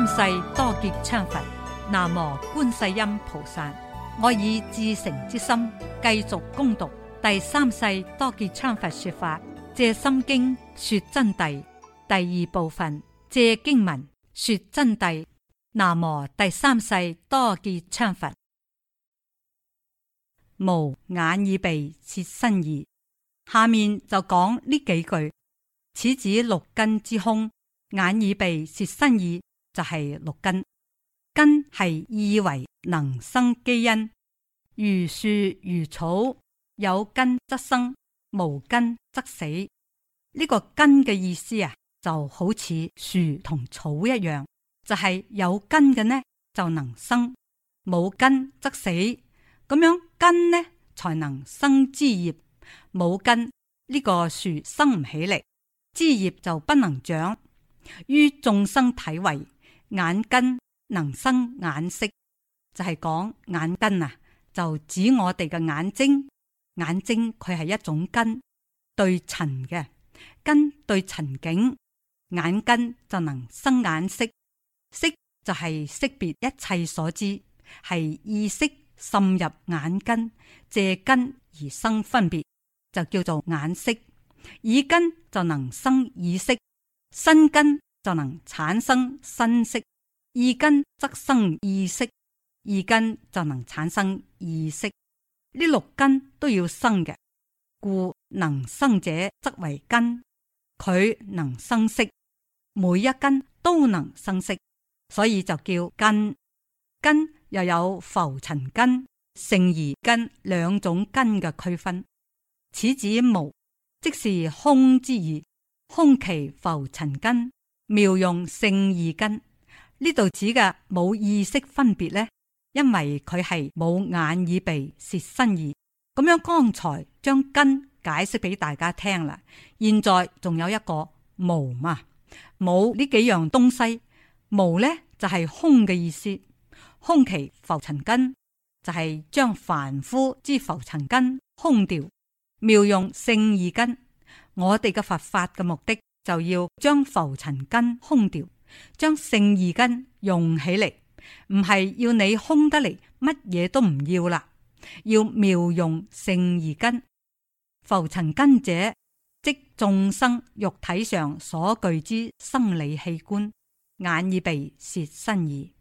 三世多杰羌佛，南無觀世音菩薩。我以至誠之心繼續攻讀第三世多杰羌佛說法《藉心經》說真諦第二部分，《藉經文說真諦》。南無第三世多杰羌佛。無眼耳鼻舌身意，下面就講呢幾句。此指六根之空，眼耳鼻舌身意。就係六根，根係意為能生基因。如樹如草，有根則生，無根則死。呢、這個根嘅意思啊，就好似樹同草一樣，就係、是、有根嘅呢就能生，冇根則死。咁樣根呢才能生枝葉，冇根呢、這個樹生唔起嚟，枝葉就不能長。於眾生體位。眼根能生眼色，就係、是、講眼根啊，就指我哋嘅眼睛。眼睛佢係一種根，對塵嘅根對塵境，眼根就能生眼色。色就係識別一切所知，係意識滲入眼根，借根而生分別，就叫做眼色。耳根就能生耳色，身根。就能產生身識，意根則生意識，意根就能產生意識。呢六根都要生嘅，故能生者則為根。佢能生識，每一根都能生識，所以就叫根。根又有浮塵根、勝義根兩種根嘅區分。此指無，即是空之意，空其浮塵根。妙用勝義根，呢度指嘅冇意識分別呢，因為佢係冇眼耳鼻舌身意。咁樣剛才將根解釋俾大家聽啦，現在仲有一個無嘛，無呢幾樣東西，無呢就係、是、空嘅意思，空其浮塵根就係、是、將凡夫之浮塵根空掉，妙用勝義根，我哋嘅佛法嘅目的。就要將浮塵根空掉，將勝義根用起嚟，唔係要你空得嚟，乜嘢都唔要啦，要妙用勝義根。浮塵根者，即眾生肉體上所具之生理器官，眼耳鼻舌身意，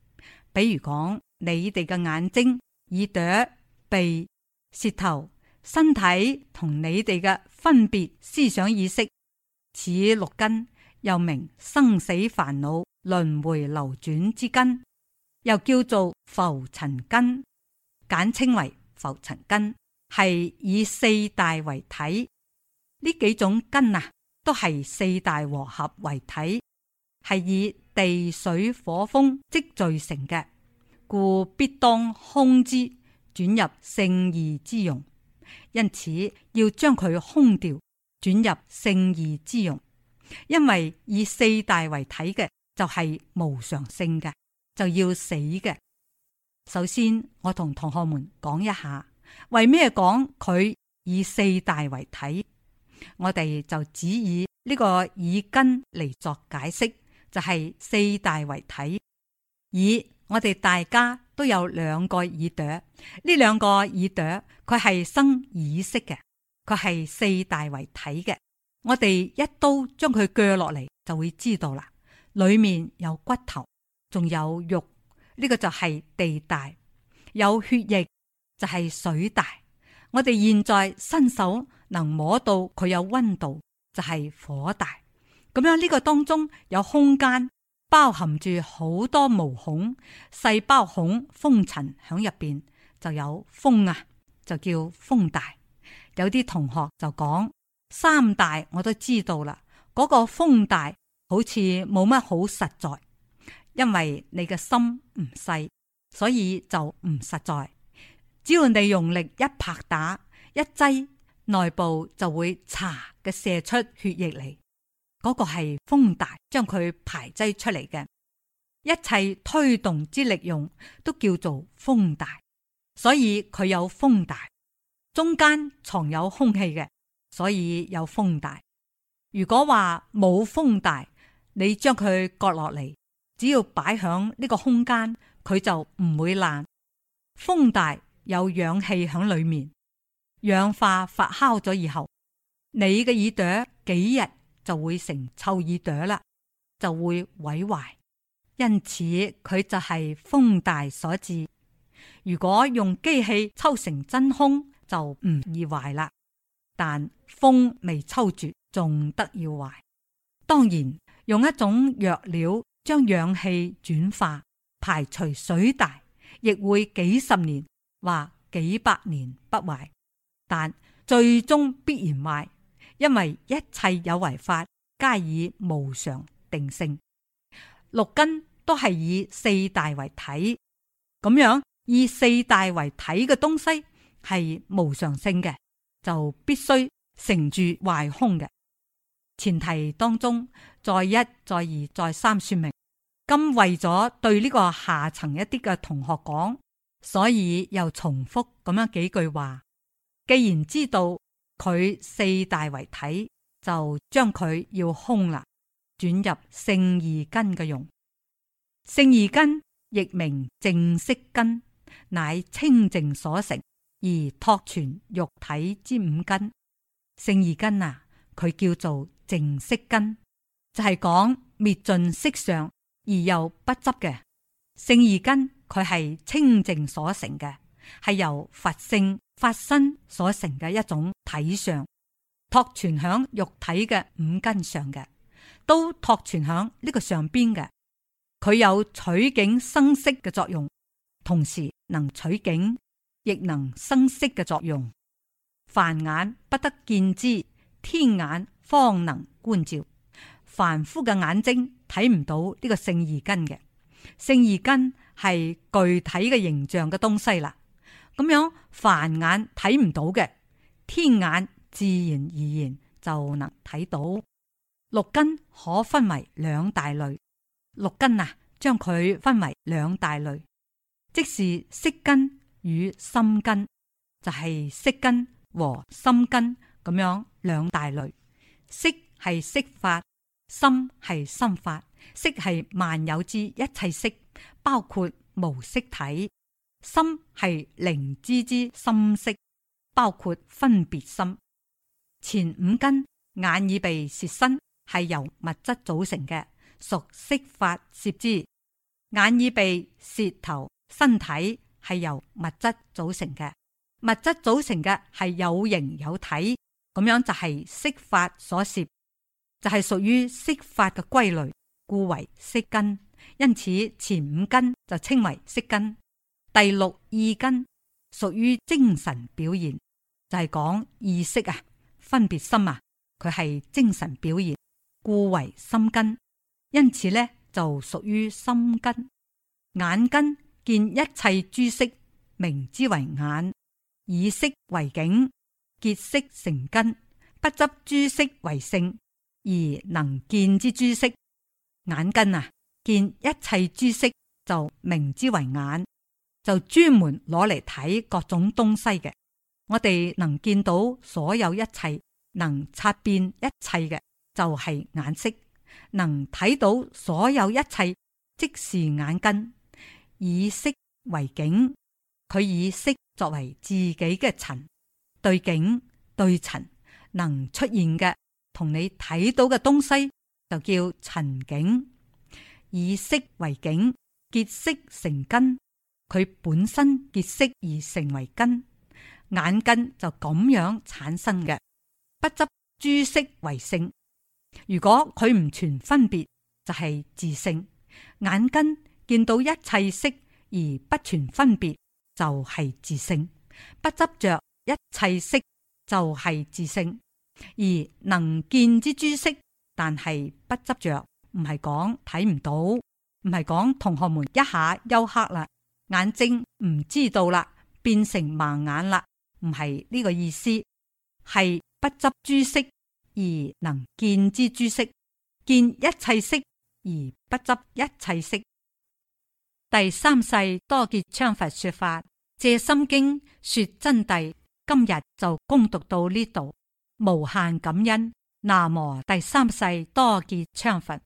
比如講你哋嘅眼睛、耳朵、鼻、舌頭、身體同你哋嘅分別思想意識。此六根又名生死煩惱輪迴流轉之根，又叫做浮塵根，簡稱為浮塵根，係以四大為體。呢幾種根啊，都係四大和合為體，係以地水火風積聚成嘅，故必當空之，轉入聖義之用，因此要將佢空掉。轉入聖義之用，因為以四大為體嘅就係無常性嘅，就要死嘅。首先，我同同學們講一下，為咩講佢以四大為體？我哋就只以呢個耳根嚟作解釋，就係、是、四大為體。耳，我哋大家都有兩個耳朵，呢兩個耳朵佢係生耳識嘅。佢係四大為體嘅，我哋一刀將佢鋸落嚟，就會知道啦。裏面有骨頭，仲有肉，呢個就係地大；有血液就係水大。我哋現在伸手能摸到佢有溫度，就係火大。咁樣呢個當中有空間，包含住好多毛孔、細胞孔、風塵響入邊，就有風啊，就叫風大。有啲同學就講，三大我都知道啦，嗰個風大好似冇乜好實在，因為你嘅心唔細，所以就唔實在。只要你用力一拍打一擠，內部就會查嘅射出血液嚟，嗰個係風大將佢排擠出嚟嘅，一切推動之力用都叫做風大，所以佢有風大。中間藏有空氣嘅，所以有風大。如果話冇風大，你將佢割落嚟，只要擺響呢個空間，佢就唔會爛。風大有氧氣響裏面，氧化發酵咗以後，你嘅耳朵幾日就會成臭耳朵啦，就會毀壞。因此，佢就係風大所致。如果用機器抽成真空。就唔易壞啦，但風未抽絕，仲得要壞。當然，用一種藥料將氧氣轉化，排除水大，亦會幾十年或幾百年不壞。但最終必然壞，因為一切有為法皆以無常定性。六根都係以四大為體，咁樣以四大為體嘅東西。係無常性嘅，就必須成住壞空嘅前提當中，再一再二再三說明。今為咗對呢個下層一啲嘅同學講，所以又重複咁樣幾句話。既然知道佢四大為體，就將佢要空啦，轉入聖義根嘅用。聖義根亦名淨色根，乃清淨所成。而託存肉體之五根勝義根啊，佢叫做淨色根，就係講滅盡色相而又不執嘅勝義根，佢係清淨所成嘅，係由佛性發生所成嘅一種體相，託存響肉體嘅五根上嘅，都託存響呢個上邊嘅，佢有取景生色嘅作用，同時能取景。亦能生色嘅作用，凡眼不得見之，天眼方能觀照。凡夫嘅眼睛睇唔到呢個勝義根嘅，勝義根係具體嘅形象嘅東西啦。咁樣凡眼睇唔到嘅，天眼自然而然就能睇到。六根可分為兩大類，六根啊，將佢分為兩大類，即是色根。與心根就係、是、色根和心根咁樣兩大類。色係色法，心係心法。色係萬有之一切色，包括無色體；心係靈知之心識，包括分別心。前五根眼耳鼻舌身係由物質組成嘅，屬色法攝之；眼耳鼻舌頭身體。係由物質組成嘅，物質組成嘅係有形有體，咁樣就係色法所攝，就係屬於色法嘅規律，故為色根。因此前五根就稱為色根。第六意根屬於精神表現，就係、是、講意識啊、分別心啊，佢係精神表現，故為心根。因此呢，就屬於心根、眼根。見一切諸色，明之為眼，以色為境，結色成根，不執諸色為性，而能見之諸色。眼根啊，見一切諸色就明之為眼，就專門攞嚟睇各種東西嘅。我哋能見到所有一切，能察變一切嘅就係、是、眼色，能睇到所有一切即是眼根。以色為境，佢以色作為自己嘅塵對境，對塵能出現嘅同你睇到嘅東西就叫塵境。以色為境，結色成根，佢本身結色而成為根，眼根就咁樣產生嘅。不執諸色為性，如果佢唔存分別，就係、是、自性眼根。見到一切色而不存分別就係、是、自性，不執着一切色就係、是、自性，而能見之諸色，但係不執着，唔係講睇唔到，唔係講同學們一下休克啦，眼睛唔知道啦，變成盲眼啦，唔係呢個意思，係不執諸色而能見之諸色，見一切色而不執一切色。第三世多杰羌佛說法《藉心經》說真諦，今日就恭讀到呢度，無限感恩。南無第三世多杰羌佛。